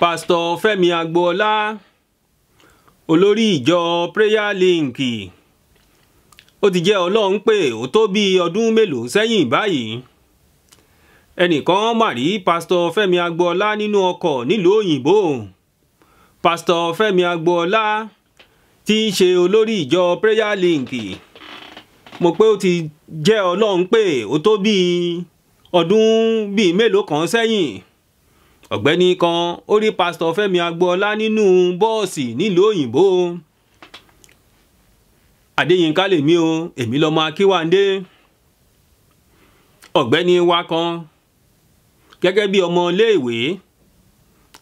pásítọ̀ fẹ́mi agboola olórí ìjọ prayer link ó ti jẹ́ ọlọ́run pé ó tó bí ọdún mélòó sẹ́yìn báyìí ẹnìkan mà rí pásítọ̀ fẹ́mi agboola nínú ọkọ̀ nílùú òyìnbó pásítọ̀ fẹ́mi agboola tí í ṣe olórí ìjọ prayer link mo pé ó ti jẹ́ ọlọ́run pé ó tó bí ọdún bíi mélòó kan sẹ́yìn ọ̀gbẹ́ni kan ó rí pásítọ̀ Fẹ́mi Agboola nínú bọ́ọ̀sì nílùú òyìnbó Adéyínká lèmi o èmi lọ́mọ Akínwándé ọ̀gbẹ́ni wa kan gẹ́gẹ́ bí ọmọ iléèwé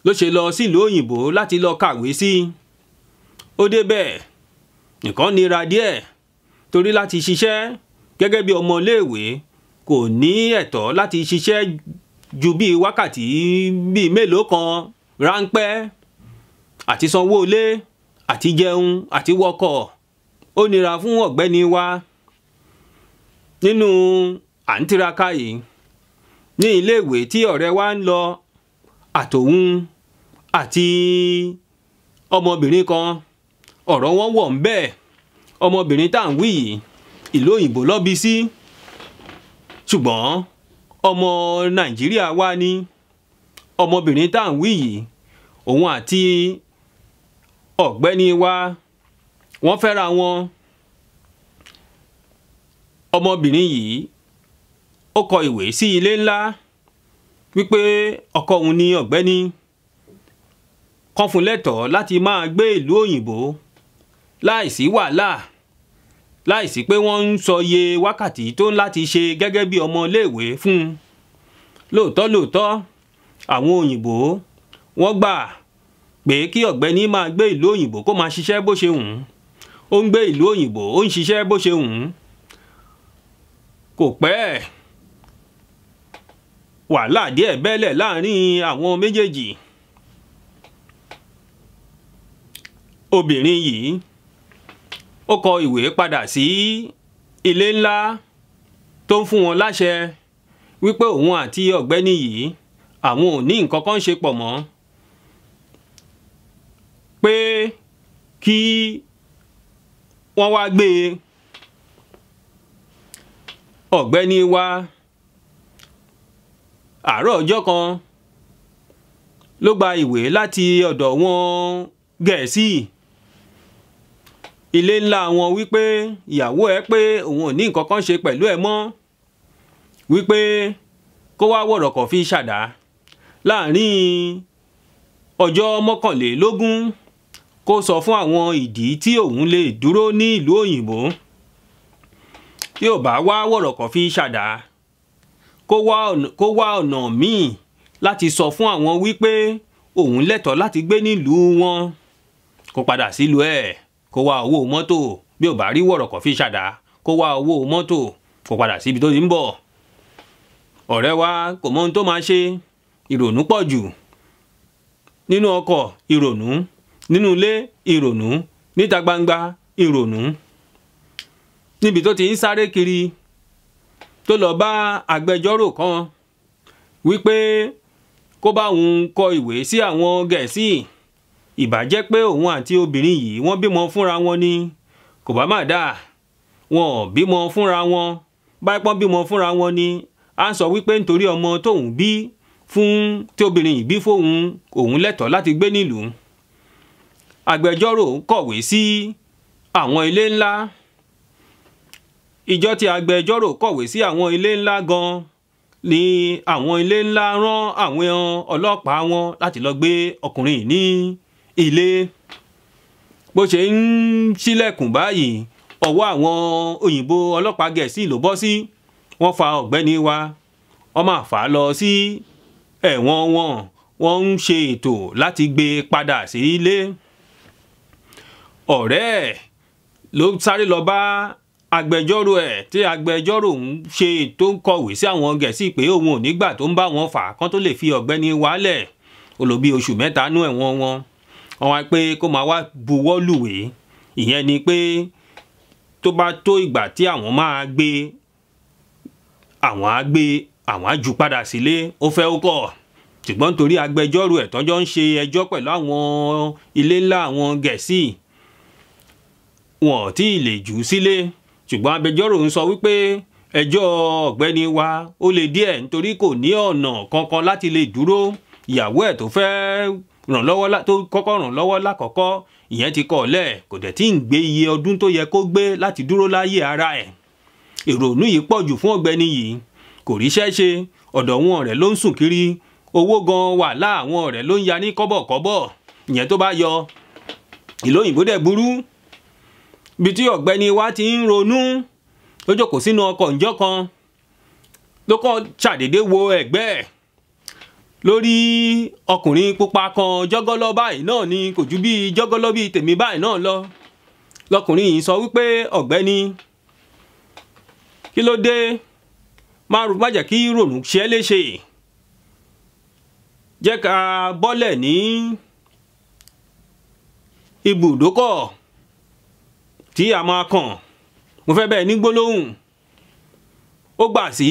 ló ṣe lọ sílùú òyìnbó láti lọ kàwé sí ó débẹ̀ nǹkan nira díẹ̀ torí láti ṣiṣẹ́ gẹ́gẹ́ bí ọmọ iléèwé kò ní ẹ̀tọ́ láti ṣiṣẹ́ ju bíi wákàtí bíi mélòó kan ráńpẹ́ àti sanwó ilé àti jẹun àti wọkọ̀ ó nira fún ọ̀gbẹ́ni wa nínú à ń tiraka yìí ní iléèwé tí ọ̀rẹ́ wa ń lọ àtòun àti ọmọbìnrin kan ọ̀rọ̀ wọn wọ̀ ń bẹ́ẹ̀ ọmọbìnrin tá à ń wí yìí ìlú òyìnbó lọ́bi sí ṣùgbọ́n ọmọ nàìjíríà wá ní ọmọbìnrin tá à ń wí yìí òun àti ọ̀gbẹ́ni wa wọ́n fẹ́ra wọn ọmọbìnrin yìí ó kọ ìwé sí ilé ńlá wípé ọkọ òun ni ọ̀gbẹ́ni kan fún lẹ́tọ̀ọ́ láti máa gbé ìlú òyìnbó láìsí wàhálà láìsí pé wọ́n ń sọ iye wákàtí tó ń láti ṣe gẹ́gẹ́ bí ọmọ iléèwé fún un lóòótọ́ lóòótọ́ àwọn òyìnbó wọ́n gbà pé kí ọ̀gbẹ́ni máa gbé ìlú òyìnbó kó máa ṣiṣẹ́ bó ṣe hùn ó ń gbé ìlú òyìnbó ó ń ṣiṣẹ́ bó ṣe hùn kò pẹ́ wàhálà díẹ̀ bẹ́lẹ̀ láàrin àwọn méjèèjì obìnrin yìí ó kọ ìwé padà sí ilé ńlá tó ń fún wọn láṣẹ wípé òun àti ọ̀gbẹ́ni yìí àwọn ò ní nǹkan kan ṣe pọ̀ mọ́ pé kí wọ́n wá gbé e. ọ̀gbẹ́ni wa àárọ̀ ọjọ́ kan ló gba ìwé láti ọ̀dọ̀ wọn gẹ̀ẹ́sì. Si ilé ńlá wọn wípé ìyàwó ẹ pé òun ò ní nǹkan kan ṣe pẹ̀lú ẹ mọ́ wípé kó wá wọ̀rọ̀ fi ṣàdá láàrin ọjọ́ mọ́kànlélógún kó sọ fún àwọn ìdí tí òun lè dúró ní ìlú òyìnbó tí ò bá wá wọ̀rọ̀ fi ṣàdá kó wá ọ̀nà míì láti sọ fún àwọn wípé òun lẹ́tọ̀ọ́ láti gbé nílùú wọn kó padà sílùú ẹ̀ kó wá owó mọ́tò bí ò bá rí wọ̀rọ̀kọ̀ fi ṣàdá kó wá owó mọ́tò kó padà síbi tó ti ń bọ̀ ọ̀rẹ́ wa kò mọ ohun tó máa ṣe ìrònú pọ̀ jù nínú ọkọ̀ ìrònú nínú ilé ìrònú níta gbangba ìrònú níbi tó ti ń sáré kiri tó lọ bá agbẹjọ́rò kan wípé kó bá òun kọ ìwé sí àwọn gẹ̀ẹ́sì. Si ìbá jẹ́ pé òun àti obìnrin yìí wọ́n bímọ fúnra wọn ni kò bá má dáa wọn ò bímọ fúnra wọn báyìí pọ́n bímọ fúnra wọn ni à ń sọ wípé nítorí ọmọ tóun bí fún tí obìnrin yìí bí fóun òun lẹ́tọ̀ọ́ láti gbé nílùú agbẹjọ́rò kọ̀wé sí àwọn ilé ńlá ìjọ tí agbẹjọ́rò kọ̀wé sí àwọn ilé ńlá gan ni àwọn ilé ńlá rán àwọn ọlọ́pàá wọn láti lọ gbé ọkùnrin yìí ní ilé bó ṣe ń ṣílẹ̀kùn báyìí ọwọ́ àwọn òyìnbó ọlọ́pàá gẹ̀ẹ́sì ló bọ́ sí wọ́n fa ọ̀gbẹ́ni wa wọ́n máa fà á lọ sí ẹ̀wọ̀n wọn wọ́n ń ṣe ètò láti gbé e padà sí ilé ọ̀rẹ́ ẹ̀ ló sáré lọ bá agbẹjọ́rò ẹ̀ tí agbẹjọ́rò ń ṣe tó ń kọ̀wé sí àwọn gẹ̀ẹ́sì pé òun ò nígbà tó ń bá wọn fà á kán tó lè fi ọ̀gbẹ́ni wálẹ̀ ó lò bí oṣù mẹ́ta nú ẹ̀wọ̀n wọn wọ́n pé kó máa wá buwọ́ lùwé ìyẹn ni pé tó bá tó ìgbà tí àwọn máa gbé àwọn á gbé àwọn á jù padà sílé ó fẹ́ ó kọ̀ ṣùgbọ́n nítorí agbẹjọ́rò ẹ̀ tọ́jọ́ ń ṣe ẹjọ́ pẹ̀lú àwọn ilé ńlá àwọn gẹ̀ẹ́sì wọn ò tí ì lè jù ú sílé ṣùgbọ́n agbẹjọ́rò ń sọ wípé ẹjọ́ ọ̀gbẹ́ni wa ó le díẹ̀ nítorí kò ní ọ̀nà kankan láti lè dúró ìyàwó ẹ̀ tó fẹ́ẹ́ ràn lọ́wọ́ tó kọ́kọ́ ràn lọ́wọ́ lákọ̀ọ́kọ́ ìyẹn ti kọ̀ lẹ̀ kò dẹ̀ tí ń gbé iye ọdún tó yẹ kó gbé láti dúró láyé ara ẹ̀ ìrònú yìí pọ̀ jù fún ọ̀gbẹ́ni yìí kò ríṣẹ́ ṣe ọ̀dọ̀ wọn rẹ̀ ló ń sùn kiri owó gan wà láwọn rẹ̀ ló ń ya ní kọ́bọ̀kọ́bọ̀ ìyẹn tó bá yọ ìlú òyìnbó dẹ̀ burú bí tí ọ̀gbẹ́ni wa ti ń ronú ló sínú ọkọ̀ ǹjọ́ kan ló kọ́ ṣàdédé wo ẹ̀gbẹ́ ẹ̀ lórí ọkùnrin pupa kan jọ́gọ́lọ́ báyìí náà ni kò ju bíi jọ́gọ́lọ́ bíi tèmi báyìí náà lọ lọkùnrin yìí sọ wípé ọ̀gbẹ́ni kí ló dé má má kí rònú ṣe é léṣe jẹ́ ká bọ́lẹ̀ ní ibùdókọ̀ tí a máa kàn mo fẹ́ bẹ́ẹ̀ ní gbólóhùn ó gbà sí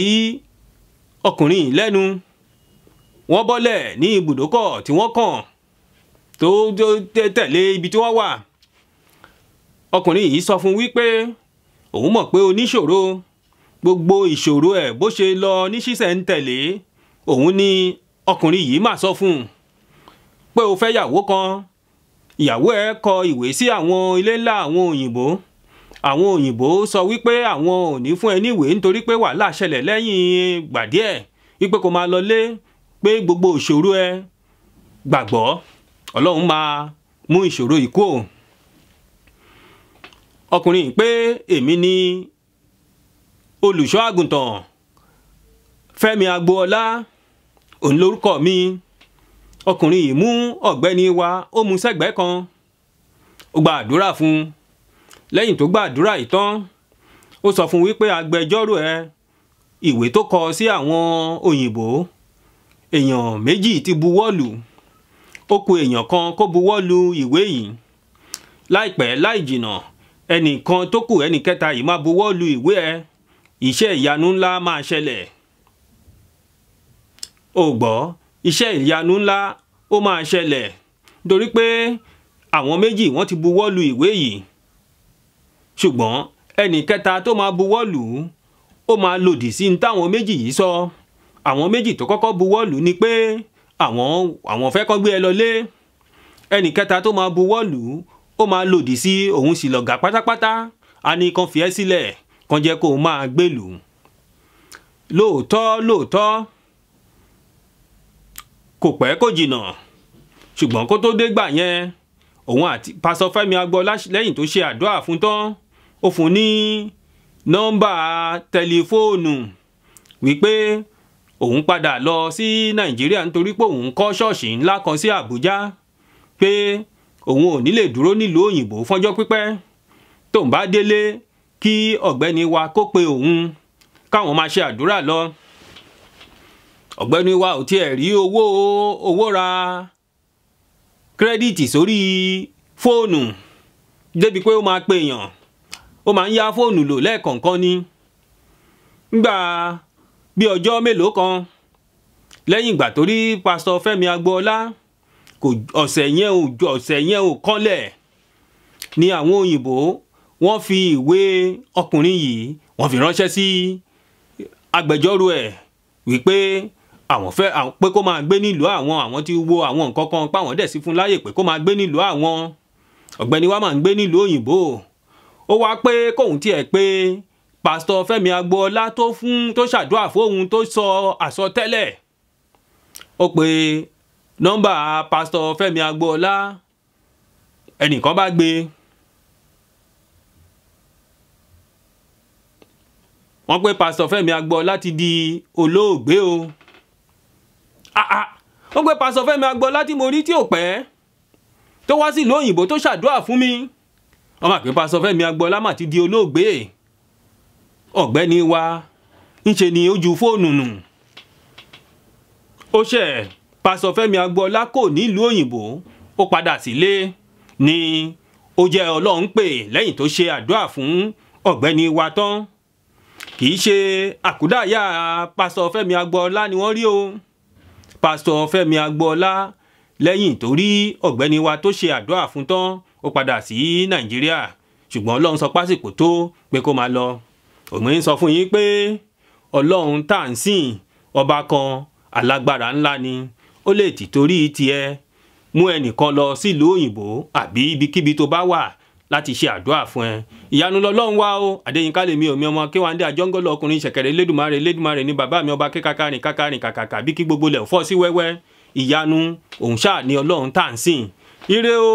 ọkùnrin lẹ́nu wọ́n bọ́lẹ̀ ní ibùdókọ̀ tí wọ́n kàn tó tẹ̀lé ibi tí wọ́n wà ọkùnrin yìí sọ fún wípé òun mọ̀ pé oníṣòro gbogbo ìṣòro ẹ̀ bó ṣe lọ ní ṣísẹ̀ntẹ̀lé òun ni ọkùnrin yìí mà sọ fún un pé o fẹ́ yàwó kan ìyàwó ẹ kọ ìwé sí àwọn ilé ńlá àwọn òyìnbó àwọn òyìnbó sọ wípé àwọn ò ní fún ẹ níwèé nítorí pé wàhálà ṣẹlẹ̀ lẹ́yìn gbàdíẹ̀ wípé kò máa lọ lé pé gbogbo ìṣòro ẹ gbàgbọ́ ọlọ́run máa mú ìṣòro yìí kúrò ọkùnrin pé èmi ni olùṣọ́ àgùntàn fẹ́mi agboola òun lórúkọ mi ọkùnrin yìí mú ọ̀gbẹ́ni wa ó mú sẹ́gbẹ́ kan ó gba àdúrà fún lẹ́yìn tó gba àdúrà yìí tán ó sọ fún wípé agbẹjọ́rò ẹ ìwé tó kọ sí àwọn òyìnbó èèyàn méjì ti buwọ́lù ó ku èèyàn kan kó buwọ́lù ìwé yìí láìpẹ́ láì jìnà ẹnìkan tó kù ẹnìkẹta yìí máa buwọ́lù ìwé ẹ iṣẹ́ ìyanu ńlá máa ṣẹlẹ̀ ò gbọ́ iṣẹ́ ìyanu ńlá ó máa ṣẹlẹ̀ torí pé àwọn méjì wọ́n ti buwọ́lù ìwé yìí ṣùgbọ́n ẹnì kẹta tó máa buwọ́lù ó máa lòdì sí ní táwọn méjì yìí sọ. So àwọn méjì tó kọ́kọ́ buwọ́lù ni pé àwọn àwọn fẹ́ kọ́ gbé ẹ lọlé ẹnì kẹta tó máa buwọ́lù ó máa lòdì sí òun sì lọ̀gá pátápátá a ní kan fi ẹ́ sílẹ̀ kan jẹ́ kó o máa gbèlú lóòótọ́ lóòótọ́ kò pẹ́ kò jìnnà ṣùgbọ́n kó tó dé gbà yẹn òun àti pásọ Fẹ́mi Agboola lẹ́yìn tó ṣe àdúrà fún tán ó fún ní nọ́mbà tẹlifóònù wípé òun padà lọ sí nàìjíríà nítorí pé òun kọ́ ṣọ́ọ̀ṣì ńlá kan sí àbújá pé òun ò ní lè dúró nílùú òyìnbó fọ́jọ́ pípẹ́ tóun bá délé kí ọ̀gbẹ́ni wa kó pe òun káwọn máa ṣe àdúrà lọ ọ̀gbẹ́ni wa ò tiẹ̀ rí owó owó ra kírẹ́dìtì sórí fóònù débi pé ó máa pe èèyàn ó máa ń yá fóònù lò lẹ́ẹ̀kọ̀ọ̀kan ni ngbà bí ọjọ́ mélòó kan lẹ́yìn ìgbà tó rí pásítọ̀ Fẹ́mi Agboola kò ọ̀sẹ̀ yẹn ò ọ̀sẹ̀ yẹn ò kọ́lẹ̀ ni àwọn òyìnbó wọ́n fi ìwé ọkùnrin yìí wọ́n fi ránṣẹ́ sí agbẹjọ́rò ẹ̀ wípé àwọn fẹ́ pé kó máa gbé nílùú àwọn àwọn ti wo àwọn nǹkan kan páwọn dẹ̀ sí fún láyè pé kó máa gbé nílùú àwọn ọ̀gbẹ́ni wa máa ń gbé nílùú òyìnbó ó wá pé kóun tiẹ̀ pé pásítọ̀ Fẹ́mi Agboola tó fún tó ṣàdúrà fóun tó sọ àsọtẹ́lẹ̀ ó pe nọ́mbà pásítọ̀ Fẹ́mi Agboola ẹnìkan bá gbé wọ́n pé pásítọ̀ Fẹ́mi Agboola ti di olóògbé o ah ah wọ́n pé pásítọ̀ Fẹ́mi Agboola tí mo rí tí ò pẹ́ tó wá sí ìlú òyìnbó tó ṣàdúrà fún mi wọ́n máa pé pásítọ̀ Fẹ́mi Agboola mà ti di olóògbé ọ̀gbẹ́ni wa ńṣe ni ó ju fóònù nù ó ṣe pásọ Fẹ́mi Agboola kò nílùú òyìnbó ó padà sílé ni ó jẹ́ Ọlọ́run pè lẹ́yìn tó ṣe àdúrà fún ọ̀gbẹ́ni wa tán kì í ṣe àkúdàáyà pásọ Agboola ni wọ́n rí o pásọ Fẹ́mi Agboola lẹ́yìn tó rí ọ̀gbẹ́ni wa tó ṣe àdúrà fún tán ó padà sí Nàìjíríà ṣùgbọ́n Ọlọ́run sọ pásìkò tó pé kó máa lọ ògbìn sọ fún yín pé ọlọ́run tá à ń sìn ọba kan alágbára ńlá ni ó lè tì torí tiẹ̀ mú ẹnìkan lọ sílùú òyìnbó àbí ibikíbi tó bá wà láti ṣe àdúrà fún ẹ ìyanu lọlọ́run wá o àdéyìnká lèmi ò mi ọmọ kéwàndé àjọngọ́lọ̀ ọkùnrin ṣẹ̀kẹ̀rẹ̀ lédùmarè lédùmarè ni bàbá mi ọba kékakarin kakarin kàkàkà bí kí gbogbo lẹ̀ fọ́ sí wẹ́wẹ́ ìyanu òun ṣáà ni ọlọ́run tá à ń sìn ire o.